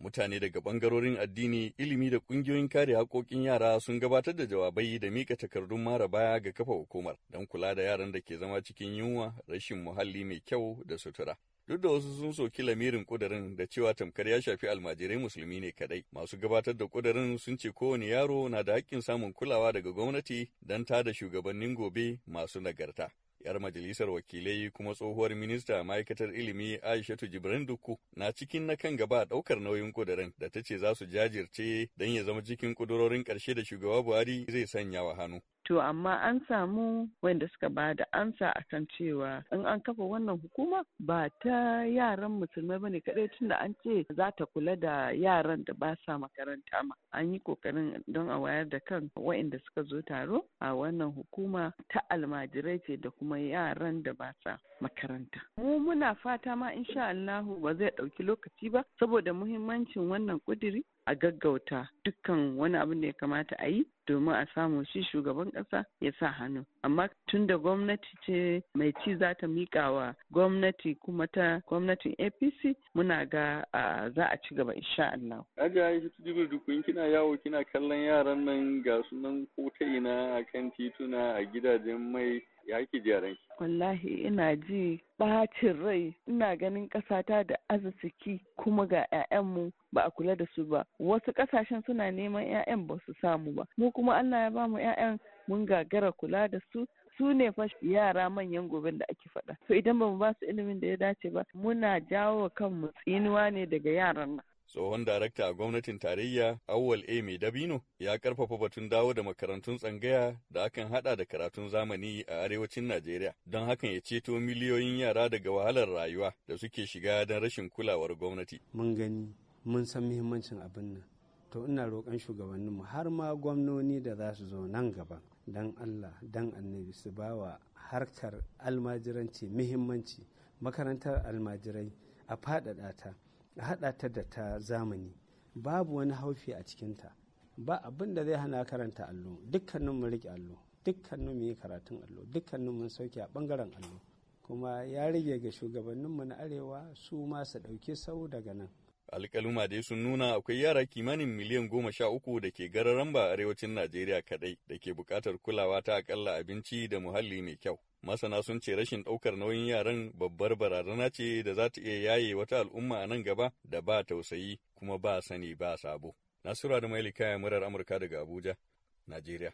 Mutane daga bangarorin addini, ilimi da ƙungiyoyin kare haƙoƙin yara sun gabatar da jawabai da mika takardun mara baya ga kafa hukumar don kula da yaran da ke zama cikin yunwa, rashin muhalli mai kyau da sutura. duk da wasu sun soki lamirin kudirin da cewa tamkar ya shafi almajirai musulmi ne kadai masu gabatar da kudirin sun ce kowane yaro na da haƙƙin samun kulawa daga gwamnati don tada shugabannin gobe masu nagarta yar majalisar wakilai kuma tsohuwar minista ma'aikatar ilimi aishatu jibrin dukku na cikin na kan gaba daukar nauyin kudurin da ta ce za su jajirce don ya zama cikin kudurorin ƙarshe da shugaba buhari zai sanya wa hannu To amma an samu wanda suka ba da ansa kan cewa in an kafa wannan hukuma ba ta yaran musulmai bane kadai tunda an ce za ta kula da yaran da ba sa makaranta ma. An yi kokarin don a wayar da kan waɗanda suka zo taro a wannan hukuma ta almajirai ce da kuma yaran da ba sa makaranta. Mu muna fata ma insha Allahu ba zai ɗauki lokaci ba saboda muhimmancin wannan ƙudiri a gaggauta dukkan wani abu ne ya kamata a yi domin a samu shi shugaban ƙasa ya sa hannu amma tun da gwamnati ce mai ci za ta miƙa wa gwamnati kuma ta gwamnatin apc muna ga za a ci gaba insha Allah. Aja Aisha jibir dukkan kina yawo kina kallon yaran nan ga sunan ko ta ina a kan tituna a gidajen mai ya ki ji ranki? wallahi ina ji bacin rai ina ganin ƙasata da arziki kuma ga 'ya'yanmu ba a kula da su ba wasu ƙasashen suna neman 'ya'yan ba su samu ba mu kuma Allah ya ba mu 'ya'yan mun gagara kula da su su ne fa yara manyan gobe da ake faɗa to idan ba mu ba su ilimin da ya dace ba muna jawo kanmu tsinuwa ne daga yaran nan tsohon darakta a gwamnatin tarayya awwal a mai dabino ya karfafa batun dawo da makarantun tsangaya da akan hada da karatun zamani a arewacin najeriya don hakan ya ceto miliyoyin yara daga wahalar rayuwa da suke shiga don rashin kulawar gwamnati mun gani mun san muhimmancin abin nan to ina roƙon mu har ma gwamnoni da za su zo nan gaba dan allah dan annabi su ba wa harkar almajiranci muhimmanci makarantar almajirai a faɗaɗa ta a haɗa ta da ta zamani babu wani haufi a cikinta ba abin da zai hana karanta allo dukkanin mu rike allo dukkanin mu yi karatun allo dukkanin mun sauke a ɓangaren allo kuma ya rage ga shugabanninmu na arewa su ma su ɗauki sau daga nan alkaluma dai sun nuna akwai yara kimanin miliyan goma sha uku da ke gararan ba arewacin najeriya kaɗai da ke buƙatar kulawa ta akalla abinci da muhalli mai kyau masana sun ce rashin ɗaukar nauyin yaran babbar barazana ce da za ta iya yaye wata al'umma a nan gaba da ba tausayi kuma ba sani ba sabo nasura da mailika murar amurka daga abuja najeriya